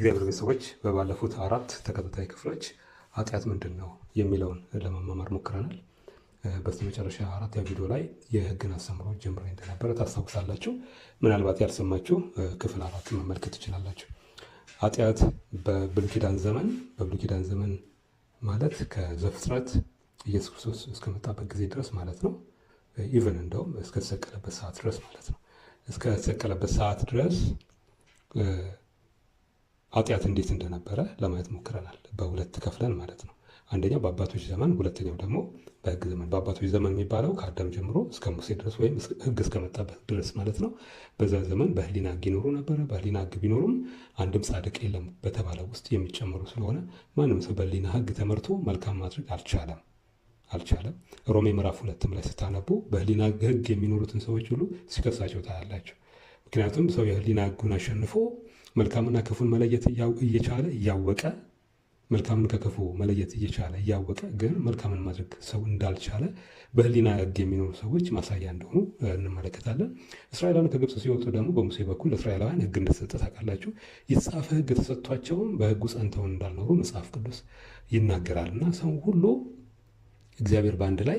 እግዚአብሔር ቤተሰቦች በባለፉት አራት ተከታታይ ክፍሎች ኃጢአት ምንድን ነው የሚለውን ለመማማር ሞክረናል። በስተመጨረሻ አራት ቪዲዮ ላይ የህግን አስተምሮ ጀምሮ እንደነበረ ታስታውሳላችሁ። ምናልባት ያልሰማችሁ ክፍል አራት መመልከት ትችላላችሁ። ኃጢአት በብሉይ ኪዳን ዘመን በብሉይ ኪዳን ዘመን ማለት ከዘፍጥረት ኢየሱስ ክርስቶስ እስከመጣበት ጊዜ ድረስ ማለት ነው። ኢቨን እንደውም እስከተሰቀለበት ሰዓት ድረስ ማለት ነው። እስከተሰቀለበት ሰዓት ድረስ ኃጢአት እንዴት እንደነበረ ለማየት ሞክረናል። በሁለት ከፍለን ማለት ነው። አንደኛው በአባቶች ዘመን፣ ሁለተኛው ደግሞ በህግ ዘመን። በአባቶች ዘመን የሚባለው ከአዳም ጀምሮ እስከ ሙሴ ድረስ ወይም ህግ እስከመጣበት ድረስ ማለት ነው። በዛ ዘመን በህሊና ህግ ይኖሩ ነበረ። በህሊና ህግ ቢኖሩም አንድም ጻድቅ የለም በተባለ ውስጥ የሚጨመሩ ስለሆነ ማንም ሰው በህሊና ህግ ተመርቶ መልካም ማድረግ አልቻለም አልቻለም። ሮሜ ምዕራፍ ሁለትም ላይ ስታነቡ በህሊና ህግ የሚኖሩትን ሰዎች ሁሉ ሲከሳቸው ታያላቸው። ምክንያቱም ሰው የህሊና ህጉን አሸንፎ መልካምና ክፉን መለየት እየቻለ እያወቀ መልካምን ከክፉ መለየት እየቻለ እያወቀ ግን መልካምን ማድረግ ሰው እንዳልቻለ በህሊና ህግ የሚኖሩ ሰዎች ማሳያ እንደሆኑ እንመለከታለን። እስራኤላውያን ከግብፅ ሲወጡ ደግሞ በሙሴ በኩል እስራኤላውያን ህግ እንደተሰጠ ታውቃላችሁ። የተጻፈ ህግ ተሰጥቷቸውም በህጉ ጸንተውን እንዳልኖሩ መጽሐፍ ቅዱስ ይናገራል እና ሰው ሁሉ እግዚአብሔር በአንድ ላይ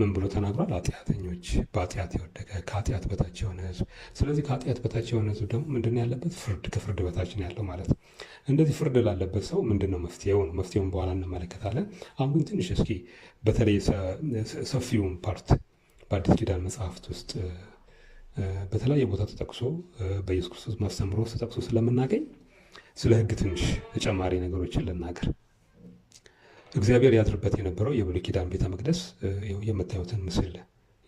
ምን ብሎ ተናግሯል? ኃጢአተኞች፣ በኃጢአት የወደቀ ከኃጢአት በታች የሆነ ህዝብ። ስለዚህ ከኃጢአት በታች የሆነ ህዝብ ደግሞ ምንድን ያለበት ፍርድ፣ ከፍርድ በታችን ያለው ማለት ነው። እንደዚህ ፍርድ ላለበት ሰው ምንድን ነው መፍትሄው? ነው መፍትሄውን በኋላ እንመለከታለን። አሁን ግን ትንሽ እስኪ በተለይ ሰፊውን ፓርት በአዲስ ኪዳን መጽሐፍት ውስጥ በተለያየ ቦታ ተጠቅሶ በኢየሱስ ክርስቶስ ማስተምሮ ተጠቅሶ ስለምናገኝ ስለ ህግ ትንሽ ተጨማሪ ነገሮችን ልናገር። እግዚአብሔር ያድርበት የነበረው የብሉይ ኪዳን ቤተ መቅደስ የምታዩትን ምስል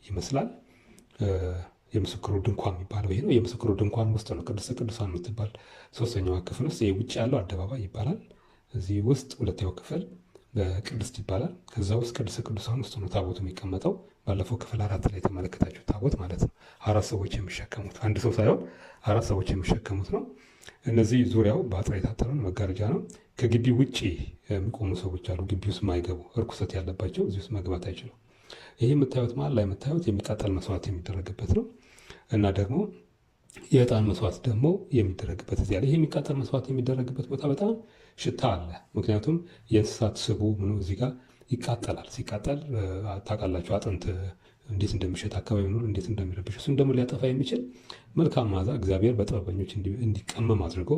ይመስላል። የምስክሩ ድንኳን የሚባለው ይሄ ነው። የምስክሩ ድንኳን ውስጥ ነው ቅድስተ ቅዱሳን የምትባል ሶስተኛዋ ክፍል ውስጥ ውጭ ያለው አደባባይ ይባላል። እዚህ ውስጥ ሁለተኛው ክፍል በቅድስት ይባላል። ከዛ ውስጥ ቅድስተ ቅዱሳን ውስጥ ነው ታቦቱ የሚቀመጠው። ባለፈው ክፍል አራት ላይ የተመለከታችሁ ታቦት ማለት ነው። አራት ሰዎች የሚሸከሙት አንድ ሰው ሳይሆን አራት ሰዎች የሚሸከሙት ነው። እነዚህ ዙሪያው በአጥር የታጠረ መጋረጃ ነው። ከግቢ ውጭ የሚቆሙ ሰዎች አሉ፣ ግቢ ውስጥ ማይገቡ እርኩሰት ያለባቸው እዚህ ውስጥ መግባት አይችሉም። ይህ የምታዩት መሀል ላይ የምታዩት የሚቃጠል መስዋዕት የሚደረግበት ነው እና ደግሞ የእጣን መስዋዕት ደግሞ የሚደረግበት እዚያ ላይ ይህ የሚቃጠል መስዋዕት የሚደረግበት ቦታ በጣም ሽታ አለ። ምክንያቱም የእንስሳት ስቡ ምኑ እዚህ ጋር ይቃጠላል። ሲቃጠል ታውቃላችሁ አጥንት እንዴት እንደሚሸት አካባቢ ኖር እንዴት እንደሚረብሽ እሱን ደግሞ ሊያጠፋ የሚችል መልካም ማዛ እግዚአብሔር በጥበበኞች እንዲቀመም አድርጎ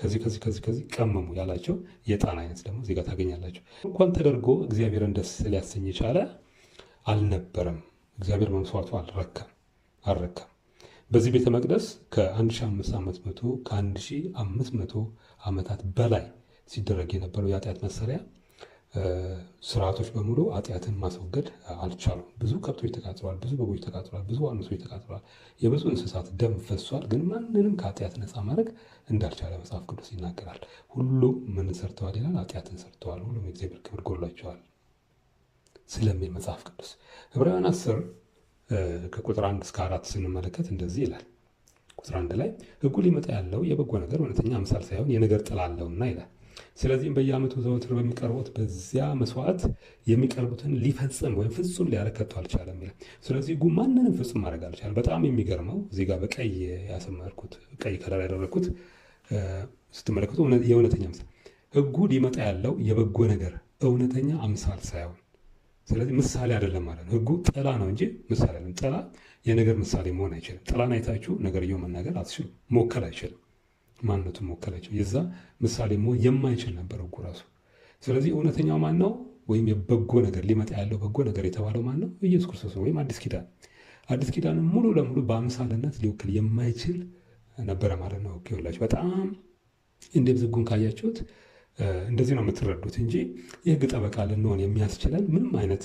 ከዚህ ከዚህ ከዚህ ከዚህ ቀመሙ ያላቸው የጣን አይነት ደግሞ እዚህ ጋር ታገኛላቸው። እንኳን ተደርጎ እግዚአብሔርን ደስ ሊያሰኝ የቻለ አልነበረም። እግዚአብሔር መሥዋዕቱ አልረካም አልረካም። በዚህ ቤተ መቅደስ ከ1500 ከ1500 ዓመታት በላይ ሲደረግ የነበረው የኃጢአት መሰሪያ ስርዓቶች በሙሉ አጥያትን ማስወገድ አልቻሉም። ብዙ ከብቶች ተቃጥለዋል፣ ብዙ በጎች ተቃጥሏል፣ ብዙ አንሶች ተቃጥለዋል፣ የብዙ እንስሳት ደም ፈሷል። ግን ማንንም ከአጥያት ነፃ ማድረግ እንዳልቻለ መጽሐፍ ቅዱስ ይናገራል። ሁሉም ምን ሰርተዋል ይላል? ኃጢአትን ሰርተዋል፣ ሁሉም የእግዚአብሔር ክብር ጎሏቸዋል ስለሚል መጽሐፍ ቅዱስ ዕብራውያን አስር ከቁጥር አንድ እስከ አራት ስንመለከት እንደዚህ ይላል። ቁጥር አንድ ላይ ህጉ ሊመጣ ያለው የበጎ ነገር እውነተኛ አምሳል ሳይሆን የነገር ጥላ አለውና ይላል ስለዚህም በየዓመቱ ዘወትር በሚቀርቡት በዚያ መስዋዕት የሚቀርቡትን ሊፈጽም ወይም ፍጹም ሊያረከቱ አልቻለም ይላል። ስለዚህ ጉ ማንንም ፍጹም ማድረግ አልቻለም። በጣም የሚገርመው እዚህ ጋር በቀይ ያሰመርኩት ቀይ ከለር ያደረግኩት ስትመለከቱ የእውነተኛ ምሳሌ ሕጉ ሊመጣ ያለው የበጎ ነገር እውነተኛ አምሳል ሳይሆን ስለዚህ ምሳሌ አይደለም ማለት ነው። ጥላ ነው እንጂ ምሳሌ አይደለም። ጥላ የነገር ምሳሌ መሆን አይችልም። ጥላን አይታችሁ ነገርየው መናገር አትችሉም፣ ሞከል አይችልም። ማንነቱን ወከለችው። የዛ ምሳሌ መሆን የማይችል ነበር ሕጉ ራሱ። ስለዚህ እውነተኛው ማን ነው? ወይም የበጎ ነገር ሊመጣ ያለው በጎ ነገር የተባለው ማን ነው? ኢየሱስ ክርስቶስ ወይም አዲስ ኪዳን። አዲስ ኪዳን ሙሉ ለሙሉ በአምሳልነት ሊወክል የማይችል ነበረ ማለት ነው። ይኸውላችሁ በጣም እንዴት ዝጉን ካያችሁት እንደዚህ ነው የምትረዱት እንጂ የህግ ጠበቃ ልንሆን የሚያስችለን ምንም አይነት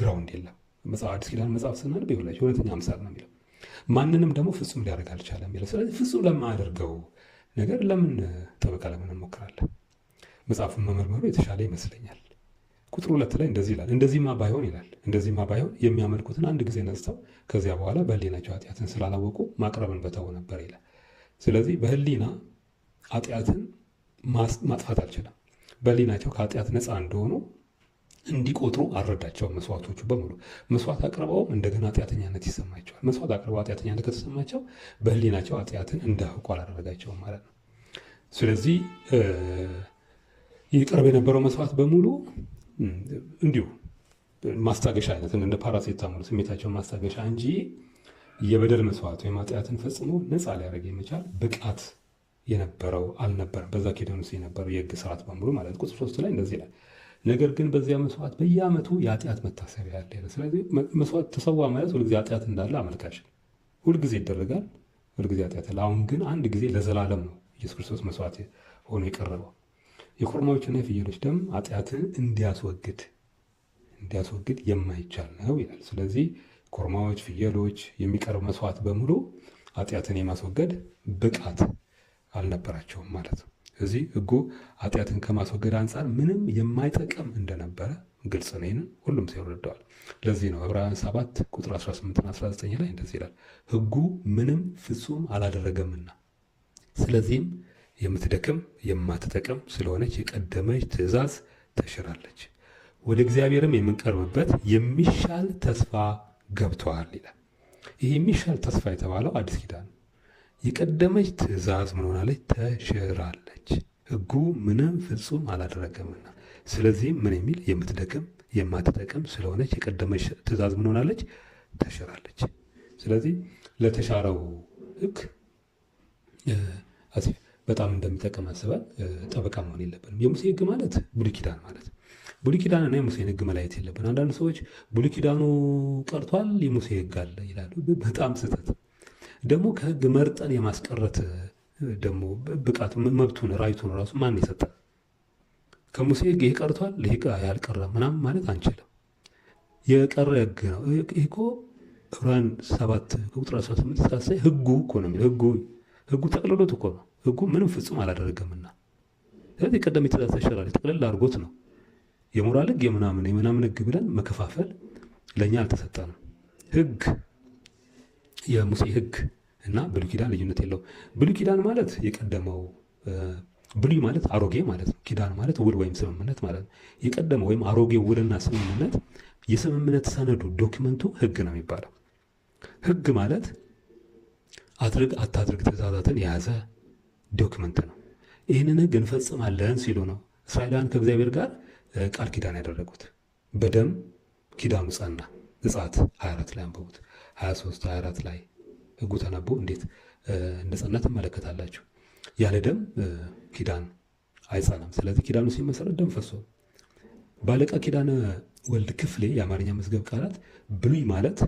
ግራውንድ የለም። መጽሐፍ አዲስ ኪዳን መጽሐፍ ስናነብ ይኸውላችሁ እውነተኛ አምሳል ነው የሚለው ማንንም ደግሞ ፍጹም ሊያደርግ አልቻለም የሚለው ስለዚህ ፍጹም ለማያደርገው ነገር ለምን ጠበቃ ለምን እንሞክራለን? መጽሐፉን መመርመሩ የተሻለ ይመስለኛል። ቁጥር ሁለት ላይ እንደዚህ ይላል፣ እንደዚህማ ባይሆን ይላል፣ እንደዚህማ ባይሆን የሚያመልኩትን አንድ ጊዜ ነጽተው ከዚያ በኋላ በህሊናቸው ኃጢአትን ስላላወቁ ማቅረብን በተው ነበር ይላል። ስለዚህ በህሊና ኃጢአትን ማጥፋት አልችልም። በህሊናቸው ከኃጢአት ነፃ እንደሆኑ እንዲቆጥሩ አረዳቸው። መስዋዕቶቹ በሙሉ መስዋዕት አቅርበውም እንደገና ኃጢአተኛነት ይሰማቸዋል። መስዋዕት አቅርበው ኃጢአተኛነት ከተሰማቸው በህሊናቸው ኃጢአትን እንዳያውቁ አላደረጋቸውም ማለት ነው። ስለዚህ ይቀርብ የነበረው መስዋዕት በሙሉ እንዲሁ ማስታገሻ አይነት እንደ ፓራሴታሞል ስሜታቸውን ማስታገሻ እንጂ የበደል መስዋዕት ወይም ኃጢአትን ፈጽሞ ነፃ ሊያደርግ የሚቻል ብቃት የነበረው አልነበረም። በዛ ኬደንስ የነበረው የህግ ስርዓት በሙሉ ማለት ቁጥር ሶስት ላይ እንደዚህ ይላል ነገር ግን በዚያ መስዋዕት በየዓመቱ የኃጢአት መታሰቢያ ያለ። ስለዚህ መስዋዕት ተሰዋ ማለት ሁልጊዜ ኃጢአት እንዳለ አመልካች፣ ሁልጊዜ ይደረጋል፣ ሁልጊዜ ኃጢአት አለ። አሁን ግን አንድ ጊዜ ለዘላለም ነው ኢየሱስ ክርስቶስ መስዋዕት ሆኖ የቀረበው። የኮርማዎችና የፍየሎች ደም ኃጢአትን እንዲያስወግድ እንዲያስወግድ የማይቻል ነው ይላል። ስለዚህ ኮርማዎች፣ ፍየሎች የሚቀርብ መስዋዕት በሙሉ ኃጢአትን የማስወገድ ብቃት አልነበራቸውም ማለት ነው። እዚህ ህጉ ኃጢአትን ከማስወገድ አንጻር ምንም የማይጠቅም እንደነበረ ግልጽ ነው። ይህንን ሁሉም ሰው ይረዳዋል። ለዚህ ነው ዕብራውያን 7 ቁጥር 18 19 ላይ እንደዚህ ይላል፣ ህጉ ምንም ፍጹም አላደረገምና ስለዚህም የምትደክም የማትጠቅም ስለሆነች የቀደመች ትእዛዝ ተሽራለች፣ ወደ እግዚአብሔርም የምንቀርብበት የሚሻል ተስፋ ገብተዋል ይላል። ይህ የሚሻል ተስፋ የተባለው አዲስ ኪዳን የቀደመች ትእዛዝ ምን ሆናለች? ተሽራለች። ህጉ ምንም ፍጹም አላደረገምና፣ ስለዚህም ምን የሚል የምትደክም የማትጠቅም ስለሆነች የቀደመች ትእዛዝ ምን ሆናለች? ተሽራለች። ስለዚህ ለተሻረው ህግ በጣም እንደሚጠቅም አስበን ጠበቃ መሆን የለብንም። የሙሴ ህግ ማለት ብሉይ ኪዳን ማለት ብሉይ ኪዳን እና የሙሴን ህግ መላየት የለብን። አንዳንድ ሰዎች ብሉይ ኪዳኑ ቀርቷል፣ የሙሴ ህግ አለ ይላሉ። በጣም ስህተት ደግሞ ከህግ መርጠን የማስቀረት ደግሞ ብቃት መብቱን ራይቱን ራሱ ማን የሰጠ? ከሙሴ ህግ ይሄ ቀርቷል፣ ይሄ ያልቀረ ምናምን ማለት አንችልም። የቀረ ህግ ነው። ይሄ እኮ ዕብራውያን ሰባት ቁጥር 18 ሳሳይ ህጉ እኮ ነው የሚለው ህጉ ህጉ ጠቅልሎት እኮ ነው። ህጉ ምንም ፍጹም አላደረገምና ስለዚህ ቀደም የትእዛዝ ተሽራሪ ጠቅልል አድርጎት ነው የሞራል ህግ የምናምን የምናምን ህግ ብለን መከፋፈል ለእኛ አልተሰጠንም ህግ የሙሴ ህግ እና ብሉይ ኪዳን ልዩነት የለው። ብሉይ ኪዳን ማለት የቀደመው ብሉይ ማለት አሮጌ ማለት ነው። ኪዳን ማለት ውል ወይም ስምምነት ማለት ነው። የቀደመው ወይም አሮጌው ውልና ስምምነት የስምምነት ሰነዱ ዶክመንቱ ህግ ነው የሚባለው። ህግ ማለት አድርግ አታድርግ ትእዛዛትን የያዘ ዶክመንት ነው። ይህንን ህግ እንፈጽማለን ሲሉ ነው እስራኤላውያን ከእግዚአብሔር ጋር ቃል ኪዳን ያደረጉት። በደም ኪዳኑ ጸና። ዘጸአት 24 ላይ አንብቡት። 23 24 ላይ እጉ ተነቦ እንዴት እንደጸናት ትመለከታላችሁ። ያለ ደም ኪዳን አይጸናም። ስለዚህ ኪዳኑ ሲመሰረት ደም ፈሶ ባለቃ ኪዳነ ወልድ ክፍሌ የአማርኛ መዝገብ ቃላት ብሉይ ማለት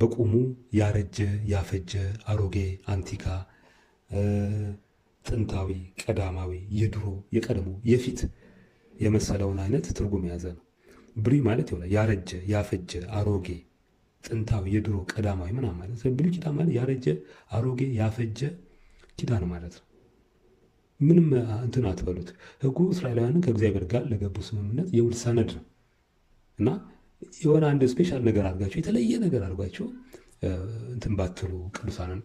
በቁሙ ያረጀ ያፈጀ አሮጌ አንቲካ ጥንታዊ ቀዳማዊ የድሮ የቀድሞ የፊት የመሰለውን አይነት ትርጉም የያዘ ነው። ብሉይ ማለት ይሆናል ያረጀ ያፈጀ አሮጌ ጥንታዊ የድሮ ቀዳማዊ ምናምን ማለት ነው። ብሉይ ኪዳን ማለት ያረጀ አሮጌ ያፈጀ ኪዳን ማለት ነው። ምንም እንትን አትበሉት። ህጉ እስራኤላውያንን ከእግዚአብሔር ጋር ለገቡ ስምምነት የውል ሰነድ ነው እና የሆነ አንድ ስፔሻል ነገር አድርጋቸው የተለየ ነገር አድርጓቸው እንትን ባትሉ ቅዱሳንን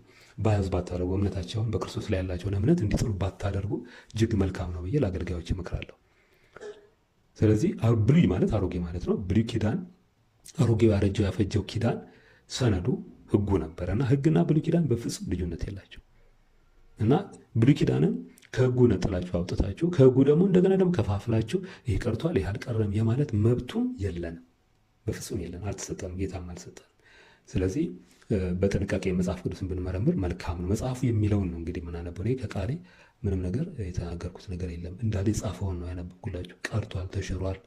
ባያዝ ባታደርጉ እምነታቸውን በክርስቶስ ላይ ያላቸውን እምነት እንዲጥሉ ባታደርጉ እጅግ መልካም ነው ብዬ ለአገልጋዮች እመክራለሁ። ስለዚህ ብሉይ ማለት አሮጌ ማለት ነው። ብሉይ ኪዳን አሮጌው ያረጀው ያፈጀው ኪዳን ሰነዱ ህጉ ነበረ እና ህግና ብሉይ ኪዳን በፍጹም ልዩነት የላቸው እና ብሉይ ኪዳንም ከህጉ ነጥላችሁ አውጥታችሁ ከህጉ ደግሞ እንደገና ደግሞ ከፋፍላችሁ ይህ ቀርቷል፣ ይህ አልቀረም የማለት መብቱም የለንም፣ በፍጹም የለን። አልተሰጠም፣ ጌታም አልሰጠንም። ስለዚህ በጥንቃቄ መጽሐፍ ቅዱስን ብንመረምር መልካም ነው። መጽሐፉ የሚለውን ነው እንግዲህ የምናነበው። እኔ ከቃሌ ምንም ነገር የተናገርኩት ነገር የለም። እንዳለ የጻፈውን ነው ያነበብኩላችሁ። ቀርቷል፣ ተሽሯል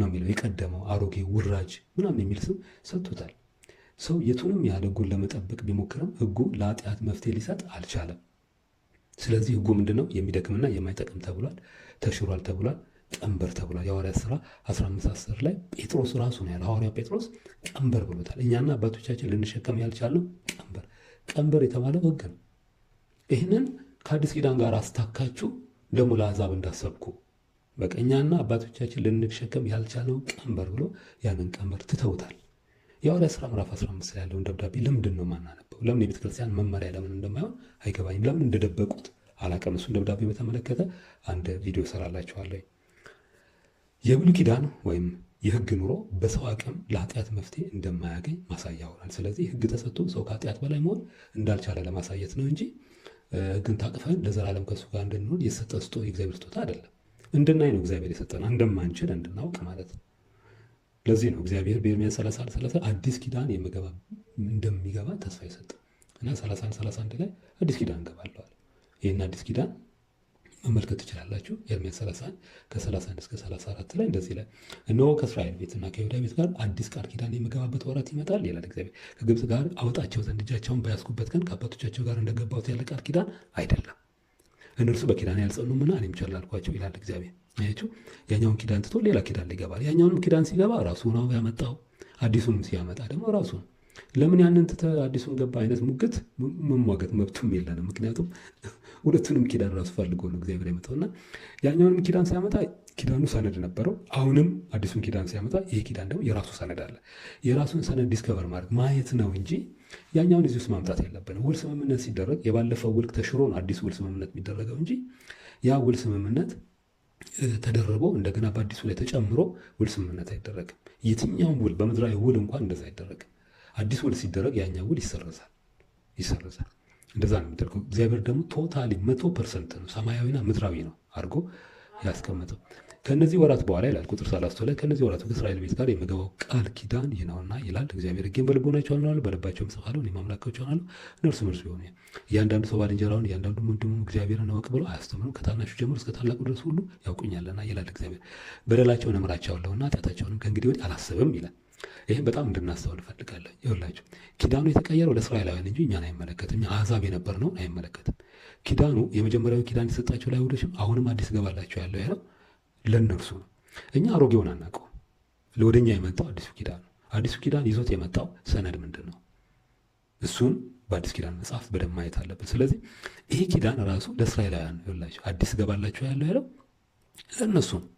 ነው የሚለው። የቀደመው አሮጌ፣ ውራጅ ምናምን የሚል ስም ሰጥቶታል። ሰው የቱንም ያህል ህጉን ለመጠበቅ ቢሞክርም ህጉ ለኃጢአት መፍትሄ ሊሰጥ አልቻለም። ስለዚህ ህጉ ምንድነው? የሚደክምና የማይጠቅም ተብሏል፣ ተሽሯል ተብሏል፣ ቀንበር ተብሏል። የሐዋርያት ስራ 1510 ላይ ጴጥሮስ ራሱ ነው ያለ ሐዋርያ ጴጥሮስ ቀንበር ብሎታል። እኛና አባቶቻችን ልንሸከም ያልቻለም ቀንበር ቀንበር የተባለው ህግ ነው። ይህንን ከአዲስ ኪዳን ጋር አስታካችሁ ደግሞ ለአሕዛብ እንዳሰብኩ በቃ እኛና አባቶቻችን ልንሸከም ያልቻለውን ቀንበር ብሎ ያንን ቀንበር ትተውታል። የሐዋርያት ስራ ምዕራፍ 15 ላይ ያለውን ደብዳቤ ለምንድን ነው ማናነበው? ለምን የቤተክርስቲያን መመሪያ ለምን እንደማይሆን አይገባኝም። ለምን እንደደበቁት አላውቅም። እሱን ደብዳቤ በተመለከተ አንድ ቪዲዮ ሰራላችኋለሁ። የብሉይ ኪዳን ወይም የህግ ኑሮ በሰው አቅም ለኃጢአት መፍትሄ እንደማያገኝ ማሳያ ሆናል። ስለዚህ ህግ ተሰጥቶ ሰው ከኃጢአት በላይ መሆን እንዳልቻለ ለማሳየት ነው እንጂ ህግን ታቅፈን ለዘላለም ከሱ ጋር እንድንሆን የሰጠ ስጦታ የእግዚአብሔር ስጦታ አይደለም። እንድናይ ነው እግዚአብሔር የሰጠን እንደማንችል እንድናውቅ ማለት ነው። ለዚህ ነው እግዚአብሔር በኤርምያስ 31 30 አዲስ ኪዳን የምገባ እንደሚገባ ተስፋ የሰጠ እና 31 31 ላይ አዲስ ኪዳን እገባለዋል። ይህን አዲስ ኪዳን መመልከት ትችላላችሁ። ኤርምያስ 31 ከ31 እስከ 34 ላይ እንደዚህ ላይ እነሆ ከእስራኤል ቤትና ከይሁዳ ቤት ጋር አዲስ ቃል ኪዳን የምገባበት ወራት ይመጣል ይላል እግዚአብሔር። ከግብፅ ጋር አወጣቸው ዘንድ እጃቸውን በያዝኩበት ቀን ከአባቶቻቸው ጋር እንደገባሁት ያለ ቃል ኪዳን አይደለም እነርሱ በኪዳን ያልጸኑምና እኔም ቸር ላልኳቸው ይላል እግዚአብሔር። ያቸው ያኛውን ኪዳን ትቶ ሌላ ኪዳን ሊገባል። ያኛውንም ኪዳን ሲገባ ራሱ ነው ያመጣው። አዲሱንም ሲያመጣ ደግሞ ራሱ ነው ለምን ያንን ትተ አዲሱን ገባ አይነት ሙግት መሟገት መብቱም የለንም። ምክንያቱም ሁለቱንም ኪዳን ራሱ ፈልጎ ነው እግዚአብሔር ያመጣውና ያኛውንም ኪዳን ሲያመጣ ኪዳኑ ሰነድ ነበረው። አሁንም አዲሱን ኪዳን ሲያመጣ ይህ ኪዳን ደግሞ የራሱ ሰነድ አለ። የራሱን ሰነድ ዲስከቨር ማድረግ ማየት ነው እንጂ ያኛውን እዚህ ውስጥ ማምጣት የለብንም። ውል ስምምነት ሲደረግ የባለፈው ውል ተሽሮ ነው አዲስ ውል ስምምነት የሚደረገው እንጂ ያ ውል ስምምነት ተደርቦ እንደገና በአዲሱ ላይ ተጨምሮ ውል ስምምነት አይደረግም። የትኛውም ውል በምድራዊ ውል እንኳን እንደዛ አይደረግም። አዲስ ውል ሲደረግ ያኛው ውል ይሰረዛል ይሰረዛል። እንደዛ ነው የሚደርገው። እግዚአብሔር ደግሞ ቶታሊ መቶ ፐርሰንት ነው ሰማያዊና ምድራዊ ነው አድርጎ ያስቀመጠው። ከእነዚህ ወራት በኋላ ይላል ቁጥር ሰላስቶ ላይ ከእነዚህ ወራት ከእስራኤል ቤት ጋር የምገባው ቃል ኪዳን ይህ ነውና ይላል እግዚአብሔር። ሕጌን በልቦናቸው አኖራለሁ፣ በልባቸውም ጽፋለሁ፣ እኔም አምላካቸው እሆናለሁ፣ እነርሱም እርሱ ይሆኑ። እያንዳንዱ ሰው ባልንጀራውን፣ እያንዳንዱ ወንድሙ እግዚአብሔርን እወቅ ብሎ አያስተምርም። ከታናሹ ጀምሮ እስከ ታላቁ ድረስ ሁሉ ያውቁኛልና ይላል እግዚአብሔር። በደላቸውን እምራቸዋለሁና ኃጢአታቸውንም ከእንግዲህ ወዲህ አላስብም ይላል። ይህም በጣም እንድናስተውል እፈልጋለሁ። ይኸውላችሁ ኪዳኑ የተቀየረው ለእስራኤላውያን እንጂ እኛን አይመለከትም። እኛ አሕዛብ የነበር ነው አይመለከትም። ኪዳኑ የመጀመሪያው ኪዳን የተሰጣቸው ለአይሁዶችም አሁንም አዲስ ገባላቸው ያለው ያለው ለእነርሱ ነው። እኛ አሮጌውን አናውቀው። ለወደኛ የመጣው አዲሱ ኪዳን ነው። አዲሱ ኪዳን ይዞት የመጣው ሰነድ ምንድን ነው? እሱን በአዲስ ኪዳን መጽሐፍ በደንብ ማየት አለብን። ስለዚህ ይህ ኪዳን ራሱ ለእስራኤላውያን ይኸውላችሁ አዲስ ገባላቸው ያለው ያለው ለእነሱ ነው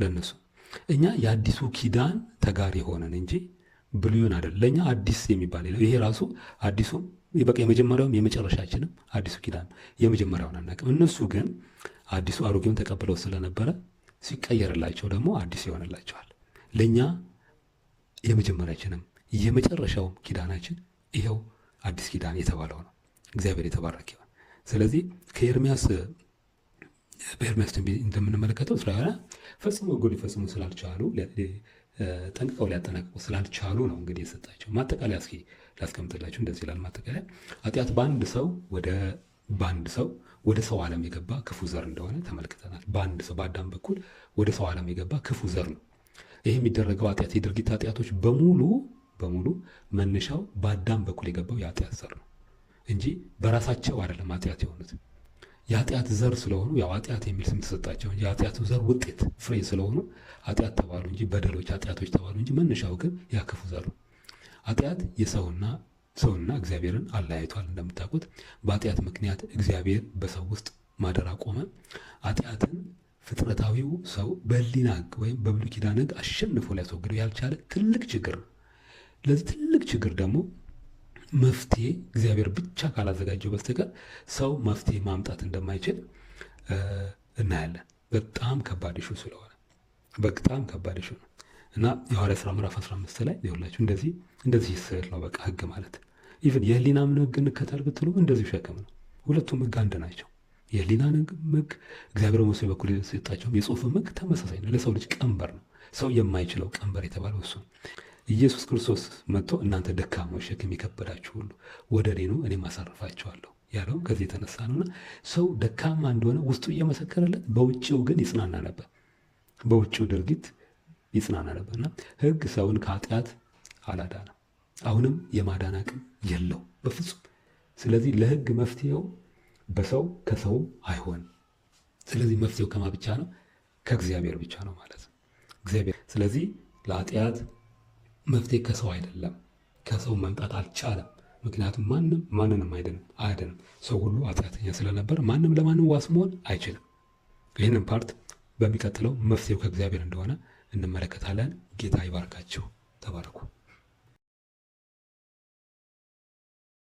ለእነሱ እኛ የአዲሱ ኪዳን ተጋሪ ሆነን እንጂ ብሉዩን አይደለም። ለእኛ አዲስ የሚባል የለም። ይሄ ራሱ አዲሱ በቃ የመጀመሪያውም የመጨረሻችንም አዲሱ ኪዳን የመጀመሪያውን አናውቅም። እነሱ ግን አዲሱ አሮጌውን ተቀብለው ስለነበረ ሲቀየርላቸው ደግሞ አዲስ ይሆንላቸዋል። ለእኛ የመጀመሪያችንም የመጨረሻውም ኪዳናችን ይኸው አዲስ ኪዳን የተባለው ነው። እግዚአብሔር የተባረክ ይሆን። ስለዚህ ከኤርሚያስ ብሔር ትንቢት እንደምንመለከተው ስለሆነ ፈጽሞ ጎ ሊፈጽሙ ስላልቻሉ ጠንቅቀው ሊያጠናቅቁ ስላልቻሉ ነው እንግዲህ የሰጣቸው። ማጠቃለያ እስኪ ላስቀምጥላቸው እንደዚህ ይላል ማጠቃለያ፣ ኃጢአት በአንድ ሰው ወደ በአንድ ሰው ወደ ሰው ዓለም የገባ ክፉ ዘር እንደሆነ ተመልክተናል። በአንድ ሰው በአዳም በኩል ወደ ሰው ዓለም የገባ ክፉ ዘር ነው። ይህ የሚደረገው ኃጢአት የድርጊት ኃጢአቶች በሙሉ በሙሉ መነሻው በአዳም በኩል የገባው የኃጢአት ዘር ነው እንጂ በራሳቸው አይደለም ኃጢአት የሆኑት። የኃጢአት ዘር ስለሆኑ ያው ኃጢአት የሚል ስም ተሰጣቸው እንጂ የኃጢአቱ ዘር ውጤት ፍሬ ስለሆኑ ኃጢአት ተባሉ እንጂ በደሎች ኃጢአቶች ተባሉ እንጂ መነሻው ግን ያክፉ ዘር ነው። ኃጢአት የሰውና ሰውና እግዚአብሔርን አለያይቷል። እንደምታውቁት በኃጢአት ምክንያት እግዚአብሔር በሰው ውስጥ ማደር አቆመ። ኃጢአትን ፍጥረታዊው ሰው በሕሊና ሕግ ወይም በብሉይ ኪዳን ሕግ አሸንፎ ሊያስወግደው ያልቻለ ትልቅ ችግር ነው። ለዚህ ትልቅ ችግር ደግሞ መፍትሄ እግዚአብሔር ብቻ ካላዘጋጀው በስተቀር ሰው መፍትሄ ማምጣት እንደማይችል እናያለን። በጣም ከባድ ሹ ስለሆነ በጣም ከባድ ሹ ነው እና የሐዋርያት ሥራ ምዕራፍ 15 ላይ ይኸውላችሁ እንደዚህ እንደዚህ ስዕል ነው። በቃ ህግ ማለት ኢቨን ምን ህግ እንከተል ብትሉ እንደዚሁ ሸክም ነው። ሁለቱም ህግ አንድ ናቸው። የህሊና ህግ እግዚአብሔር በሙሴ በኩል የሰጣቸውም የጽሁፍ ህግ ተመሳሳይ ነው። ለሰው ልጅ ቀንበር ነው። ሰው የማይችለው ቀንበር የተባለው እሱ ነው። ኢየሱስ ክርስቶስ መጥቶ እናንተ ደካሞች፣ ሸክም የከበዳችሁ ሁሉ ወደ እኔ ነው እኔ አሳርፋችኋለሁ ያለው ከዚህ የተነሳ ነውና ሰው ደካማ እንደሆነ ውስጡ እየመሰከረለት በውጭው ግን ይጽናና ነበር። በውጭው ድርጊት ይጽናና ነበርና ህግ ሰውን ከኃጢአት አላዳነም። አሁንም የማዳን አቅም የለው በፍጹም። ስለዚህ ለህግ መፍትሄው በሰው ከሰው አይሆን ስለዚህ መፍትሄው ከማ ብቻ ነው? ከእግዚአብሔር ብቻ ነው ማለት ነው። እግዚአብሔር ስለዚህ ለኃጢአት መፍትሄ ከሰው አይደለም፣ ከሰው መምጣት አልቻለም። ምክንያቱም ማንም ማንንም አይደለም አይደለም ሰው ሁሉ አጥያተኛ ስለነበር ማንም ለማንም ዋስ መሆን አይችልም። ይህንን ፓርት በሚቀጥለው መፍትሄው ከእግዚአብሔር እንደሆነ እንመለከታለን። ጌታ ይባርካችሁ። ተባርኩ።